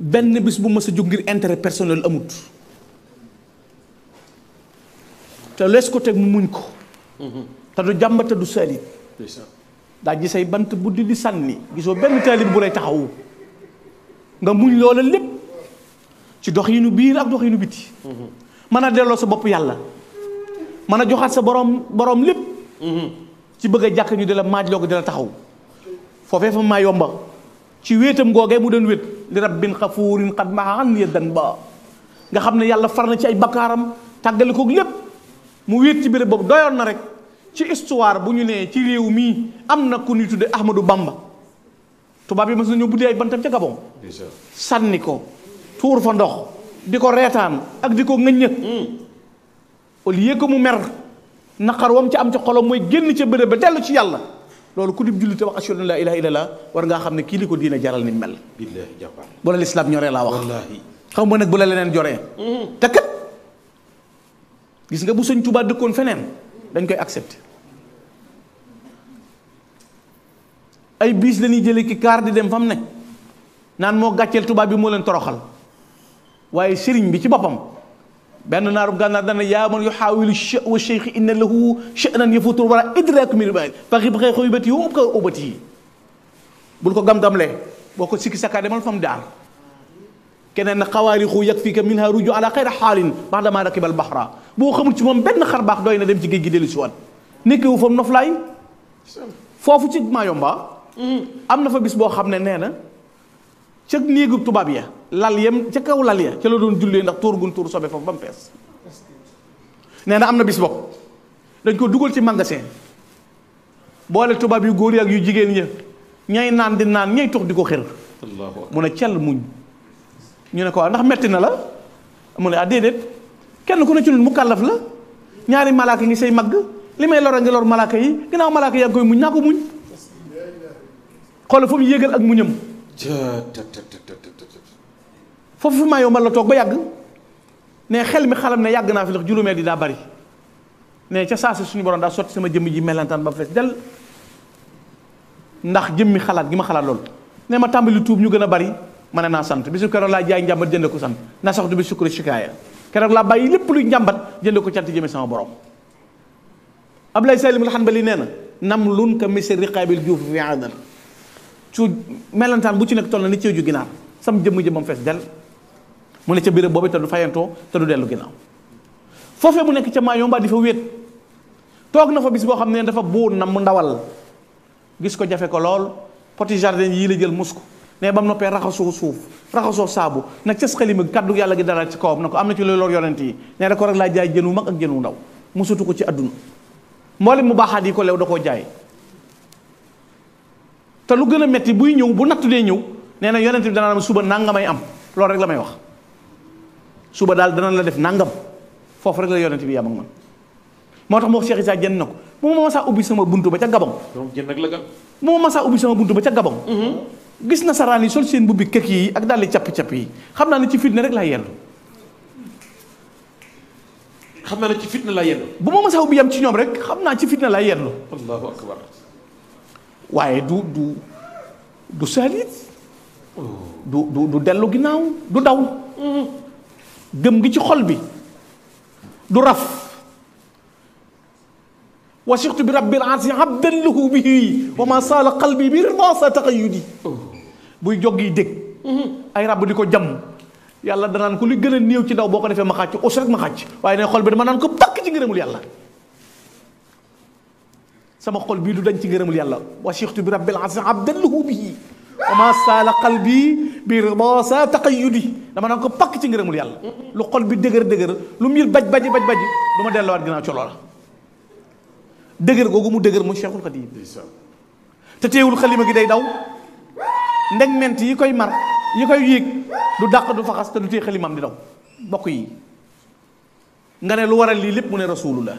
benn bis bu ma sa jóg ngir intérêt personnel amut te lees ko teg mu muñ ko te du jàmb te du salit daa gisay bant bu di sànni gisoo benn talib bu lay taxaw nga muñ loola lépp ci doxinu biir ak doxinu biti mën a delloo sa bopp yàlla mën a joxaat sa borom borom lépp ci bëgg a ñu di la maaj ko la taxaw foofee fa maa yomba ci wéetam googee mu doon wét li rabbin xafuurin xat maxaan yeddan ba nga xam ne yàlla far na ci ay bakkaaram tàggale koog lépp mu wéet ci béréb boobu doyoon na rek ci histoire bu ñu nee ci réew mii am na ku ñuy tudde Ahmadou Bamba tubaab yi mas nañoo buddi ay bantam ca Gabon sànni ko tuur fa ndox di ko reetaan ak di ko ŋëññë hmm. au lieu que mu mer naqar wam ci am ca xolom mooy génn ca béréb ba dellu ci yàlla loolu ku dib julli te wax ashhadu an laa ilaaha illallaah war ngaa xam ne kii li ko diine jaral ni mel. billaahi jàppal bu la lislaam ñoree laa wax. wallaahi xam nga nag bu la leneen joree mm-hmm. te kat gis nga bu sëñ Tuubaa dëkkoon feneen dañ koy accepté ay biis la ñuy jëlee ki kaar di dem fam ne naan moo gàcceel tubaab bi moo leen toroxal waaye sëriñ bi ci boppam. بأن نارم قال نادنا يا من يحاول الشيخ إن له شأنا يفوت ولا إدراك من بعد فغيب غير خوي بتيه أو بتيه بلكو قام دملة بوكو سك سكاد من فم دار كنا نقاري خو يكفيك منها رجوع على خير حال بعد ما ركب البحر بو خمر تمام بين خرب أخدوه إن دم تيجي جدي لسوان نكوا فم نفلاي فوفو تيج ما يوم با أم نفبيس بو خم نهنا تيج نيجو تبابيه lal yam ca kaw lal ya la doon julle ndax tour gun tour sobe foofu bam fess fees nee na am bis bok dañ ko duggal ci magasin boole tuba bi goor yak yu jigen ñe ya. ñay naan di naan ñay tok diko ko mu ne cial muñ ñu ne ko ah, ndax metti na la mu ne ah déedéet kenn ku ne ci ñun mu la ñaari malaaka ngi sey mag limay lor nga lor malaaka yi ginaaw malaaka yaa koy muñ nako muñ xol fu mu yegal ak muñam foofu maa yombal la toog ba yàgg ne xel mi xalam ne yàgg naa fi ndax julumeel di daa bari ne ca saa si suñu borom daa sotti sama jëmm ji melantaan ba fees del ndax jëmmi xalaat gi ma xalaat loolu ne ma tàmbali tuub ñu gën a bari ma naa sant bisu kero laa jaay njàmbat jënd ko sant naa saxtu bi sukkuri shikaaya kero laa bàyyi lépp luy njàmbat jënd ko cant jëme sama borom ablay Salim al-Hanbali nee na nam lun ka misir riqaabil juuf fi adal su melantaan bu ci nekk toll na ni ceeju ginaar sam jëmm jëmmam fees del mu ne ca béréb boobu te du fayantoo te du dellu ginnaaw foofee mu nekk ca Mayumba di fa wéet toog na fa bis boo xam ne dafa buur na mu ndawal gis ko jafe ko lool poti jardin yii la jël mus ko ne ba noppee raxasoo suuf raxasoo saabu nag cas xalima kàddu yàlla gi dara ci kawam na ko am na ci loolu lor yonent yi ne ko rek laa jaay jën wu mag ak jën wu ndaw musutu ko ci àdduna mboolem mu baaxaat yi ko lew da koo jaay te lu gën a metti buy ñëw bu natt dee ñëw nee na yonent bi danaa am suba nangam may am loolu rek la may wax suba dal dana la def nangam foofu rek la yonent bi yam ak man motax mo cheikh isa jenn nako mo ma masa sama buntu ba ca gabon mo ma sa ubi sama buntu ba ca gabon mm-hmm. gis na sarani sol sen bubi kek yi ak li capp capp yi xamna ni ci fitna rek la yendu xamna ni ci fitna la yendu bu ma sa ubi yam ci ñom rek xamna ci fitna la yendu allahu akbar waye du du du salit oh. du du du delu ginaaw du daw mm-hmm. gëm gi ci xol bi du raf wasixtu bi rabbil arsi abdan lahu bihi wa ma saala qalbi bi ridaasa taqayudi buy jog yi dégg ay rab di ko jam yàlla danaan ko li gën a néew ci ndaw boo ko defee ma xàcc us rek ma xàcc waaye ne xol bi dama naan ko bakk ci ngërëmul yàlla sama xol bii du dañ ci ngërëmul yàlla wasixtu bi rabbil arsi abdan saala qalbi biir moo sa taqayyudi dama daan ko pakk ci ngërëmul yàlla lu xol bi dëgër dëgër lu mu yil baj baji baj baji du ma delluwaat ginnaaw ci loola dëgër googu mu dëgër mu Cheikhul Khadim te teewul xalima gi day daw ndeg ment yi koy mar yi koy yéeg du dàq du faxas te du tee xalimaam di daw mbokk yi nga ne lu waral lii lépp mu ne rasulullah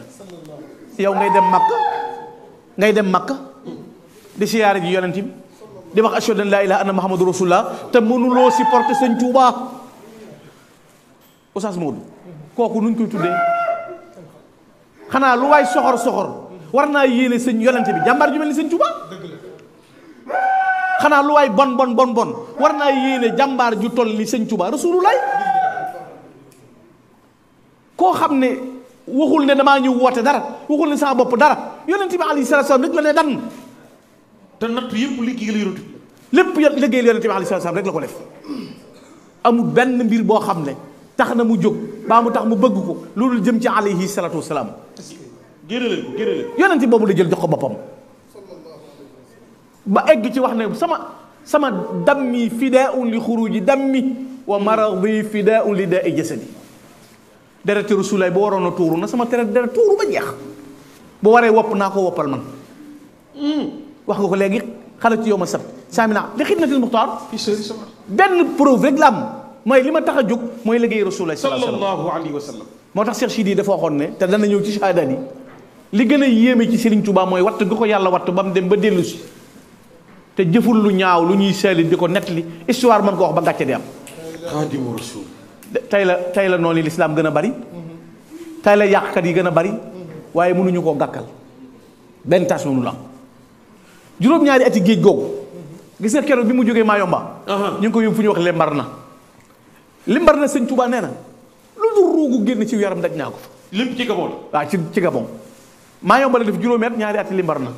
yow ngay dem màkk ngay dem màkk di siyaare ji yonent bi di wax ashhadu an laa ilaaha anna muhammadu rasulullah te mënuloo supporter sëñ Touba Oustaz Modou kooku nuñ koy tuddee xanaa lu waay soxor soxor war naa yéene sëñ yonente bi jàmbaar ju mel ni sëñ Touba xanaa lu waay bon bon bon bon war naa yéene jàmbaar ju toll ni sëñ Touba rasulullah koo xam ne waxul ne damaa ñu woote dara waxul ne sama bopp dara yonente bi alayhi salaatu salaam rek la ne dan te natt yëpp lépp yëpp liggéey la yonent bi alayhi salaam rek la ko def amul benn mbir boo xam ne tax na mu jóg baa mu tax mu bëgg ko loolu jëm ci alayhi salaatu wa salaam. gërële gërële yonent boobu la jël jox ko boppam. ba egg ci wax ne sama sama dammi fidaaun li xuruji dammi wa maradi fidaaun li daa i jasadi dereti rasulaay bu waroon a tuuru na sama tere deret tuuru ba jeex bu waree wopp naa ko woppal man hmm. wax nga ko léegi xalat yow ma sab saamina li xidmatil muxtaar benn preuve rek la am mooy li ma tax a jóg mooy liggéey rasulullah sallallahu alayhi wa sallam moo tax Cheikh Sidi dafa waxoon ne te dana ñëw ci shahada yi li gën a yéeme ci Serigne Touba mooy watt gu ko yàlla watt ba mu dem ba dellu si te jëful lu ñaaw lu ñuy seeli di ko nettali histoire mën ko wax ba gàcce di am xaadimu rasul tey la tey la noonu lislaam gën a bari tey la yàqkat yi gën a bari waaye mënuñu koo gàkkal benn tas mënu la am juróom-ñaari ati géej googu gis nga keroog bi mu jógee Mayomba. Uh-huh. ñu ngi ko yóbbu fu ñuy wax lembar na limbar na sëñ Touba nee na lu dul ruugu génn ci yaram daj naa ko. lim ci ci ci Gabon Mayomba la def juróomi at ñaari ati limbar na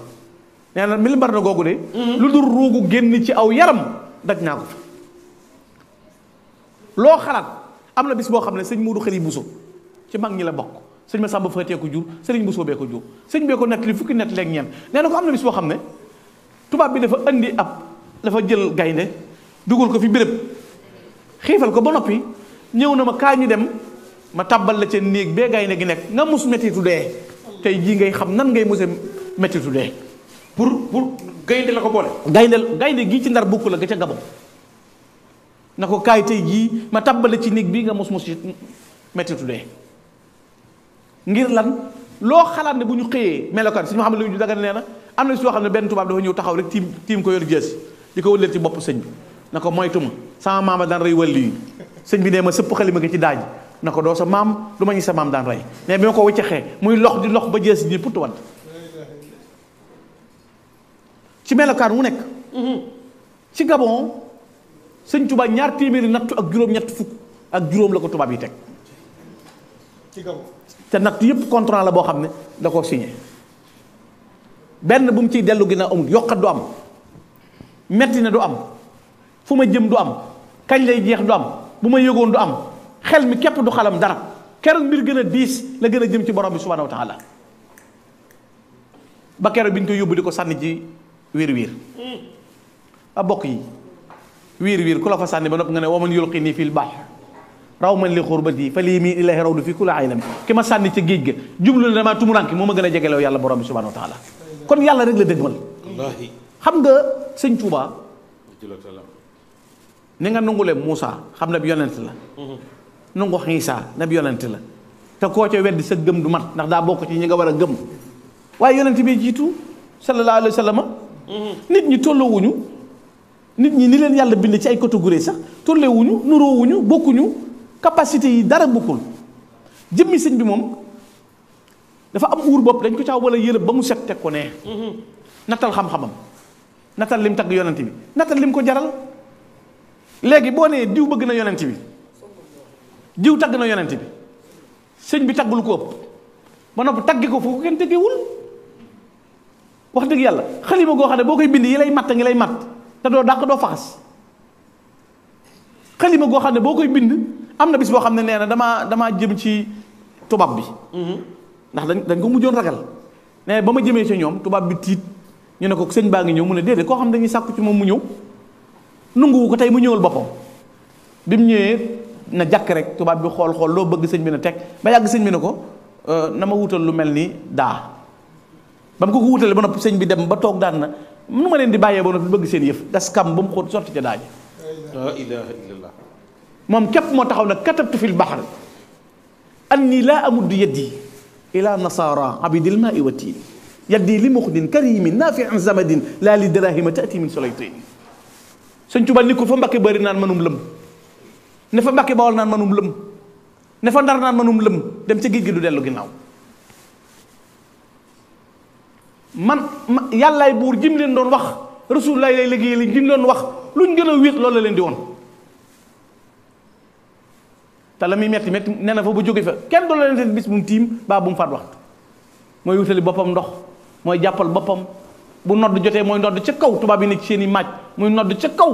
nee na mi na googu de. Uh-huh. lu dul ruugu génn ci aw yaram daj naa ko. loo xalaat am na bis boo xam ne sëñ Modou Khari Bousso ci mag ñi la bokk sëñ Massamba Faté ko jur sëriñ Bousso bee ko jur sëñ bee ko nettali fukki nett leeg ñeent nee na ko am na bis boo xam ne. tubaab bi dafa indi ab dafa jël gaynde dugal ko fi béréb xiifal ko ba noppi ñëw na ma kaa ñu dem ma tàbbal la ca néeg bee gaynde gi nekk nga mus mettitu de tey jii ngay xam nan ngay mose mettitu de pour pour gaynde la ko boole gaynde gaynde gii ci ndar bukk la ga ca gabon na ko kaay tey jii ma tàbbale ci néeg bii nga mos mos mettitu dee ngir lan loo xalaat ne bu ñu xëyee melokaan si ñu xam ne lu ñu dagan nee na am na si yoo xam ne benn tubaab dafa ñëw taxaw rek tiim tiim ko yor jees di ko wëleel ci bopp sëñ bi na ko moytu ma sama maama daan rey wàllu sëñ bi nee ma sëpp xalima nga ci daaj na ko doo sa maam lu ma ñu sa maam daan rey mais bi ma ko wëccaxee muy lox di lox ba jees ñi putt wadd ci melokaan wu nekk mhm. ci Gabon sëñ Tuubaa ñaar téeméeri nattu ak juróom-ñett fukk ak juróom la ko tubaab yi teg te nattu yëpp contrat la boo xam ne da koo signé benn bu mu ciy dellu ginnaaw amul yokkat du am metti na du am fu ma jëm du am kañ lay jeex du am bu ma yëgoon du am xel mi képp du xalam dara keroog mbir gën a diis la gën a jëm ci borom bi subhaanahu wa taala ba keroog bi ñu koy di ko sànni ci wiir wiir a bokk yi wiir wiir ku la fa sànni ba nopp nga ne waman yulqi nii fil bahr raw man li xurbati fa lii mii ilaahi raw du fi ku la aylam ki ma sànni ca géej ga jublu na damaa tumuranki moo ma gën a jegeloo yàlla borom bi subhaanahu wa kon yàlla rek la dëgmal. xam nga sëñ Touba. ni nga nangule Moussa xam na bi yonent la. Mhm. nangu Xiisa na bi yonent la. te koo ca weddi sa gëm du mat ndax daa bokk ci ñi nga war a gëm waaye yonent bi jiitu sallallahu alayhi wa sallam. Mhm. nit ñi tolloowuñu nit ñi ni leen yàlla bind ci ay catégorie sax tolloowuñu nuroowuñu bokkuñu capacité yi dara bokkul jëmmi sëñ bi moom. dafa am uur bopp dañ ko caaw wala yëlëb ba mu set teg ko nee mm-hmm. nattal xam-xamam nattal lim tagg yonent bi nattal lim ko jaral léegi boo nee diw bëgg na yonent bi diw tagg na yonent bi sëñ bi taggul ko ëpp ba noppi taggi ko foofu ko kenn tëggewul wax dëgg yàlla xalima goo xam ne boo koy bind yi lay matt ngi lay matt te doo dàq doo faxas xalima goo xam ne boo koy bind am na bis boo xam ne nee na damaa damaa jëm ci tubaab bi mm-hmm. ndax dañ dañ ko joon ragal ne ba ma jëmee ca ñoom tubaab bi tiit ñu ne ko sëñ baa ngi ñëw mu ne déedéet koo xam ne dañuy sàkk ci moom mu ñëw nunguwu ko tey mu ñëwal boppam bi mu ñëwee na jàkk rek tubaab bi xool xool loo bëgg sëñ bi na teg ba yàgg sëñ bi ne ko euh, na ma wutal lu mel ni daa ba mu ko ko ba noppi sëñ bi dem ba toog daan na ma leen di bàyyee ba noppi bëgg seen yëf gas kam ba mu xóot sotti ca daa ji moom képp moo taxaw na katabtu fil bahr anni laa amuddu yi إلى نصارى عبد الماء والتين يدي لمخد كريم نافع زمد لا لدراهم تأتي من سليطين سنتو بانيكو فمبكي بري نان منوم لم نفا مبكي باول نان منوم لم نفا ندار نان منوم لم دم تي گيد دلو گيناو man yàllaay buur jim leen doon wax rasul lay lay liggéey li jim leen wax luñ gën a wéet loolu la leen di woon te la muy metti metti nee na fa ba jóge fa kenn du la leen bis bu mu tiim baa bu mu faat waxtu mooy wutali boppam ndox mooy jàppal boppam bu nodd jotee mooy nodd ca kaw tubaab yi ne ci seen i maaj muy nodd ca kaw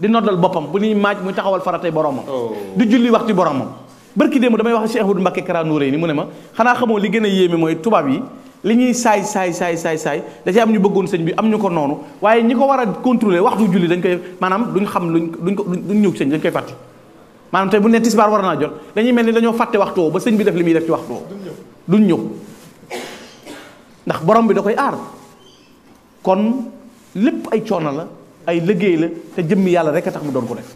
di noddal boppam bu ñuy maaj muy taxawal faratay boromam oh. di julli waxtu boromam bërki démb damay wax Cheikh Ahmadou Mbacké Kara Nouréyni mu ne ma xanaa xamoo li gën a yéeme mooy tubaab yi li ñuy saay saay saay saay saay da ci am ñu bëggoon sëñ bi am ñu ko noonu waaye ñi ko war a contrôler waxtu julli dañ koy maanaam duñ xam luñ duñ ko duñ ñëw sëñ dañ koy fàtte maanaam tey bu ne tisbaar war naa jot dañuy mel ni dañoo fàtte waxtu woo ba sëñ bi def li muy def ci waxtu woo ñëw ndax borom bi da koy aar kon lépp ay coono la ay liggéey la te jëmm yàlla rek a tax mu doon ko def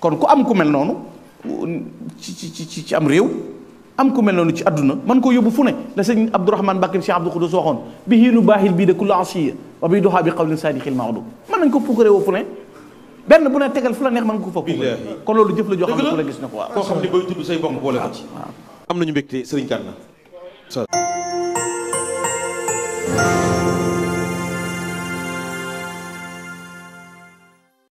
kon ku am ku mel noonu ci ci ci am réew am ku mel noonu ci àdduna man koo yóbbu fu ne la sëñ Abdourahman Bakkim Cheikh Abdou Khoudous waxoon bi hiinu baaxil bii de kullu asiya wa bi doxaa bi xawlin saadixil maodu mën nañ ko puukaree fu ne benn bu ne tegal fu la neex mën nga ko fa publié kon loolu jëf la joo xam ne ku la gis ne ko waaw koo xam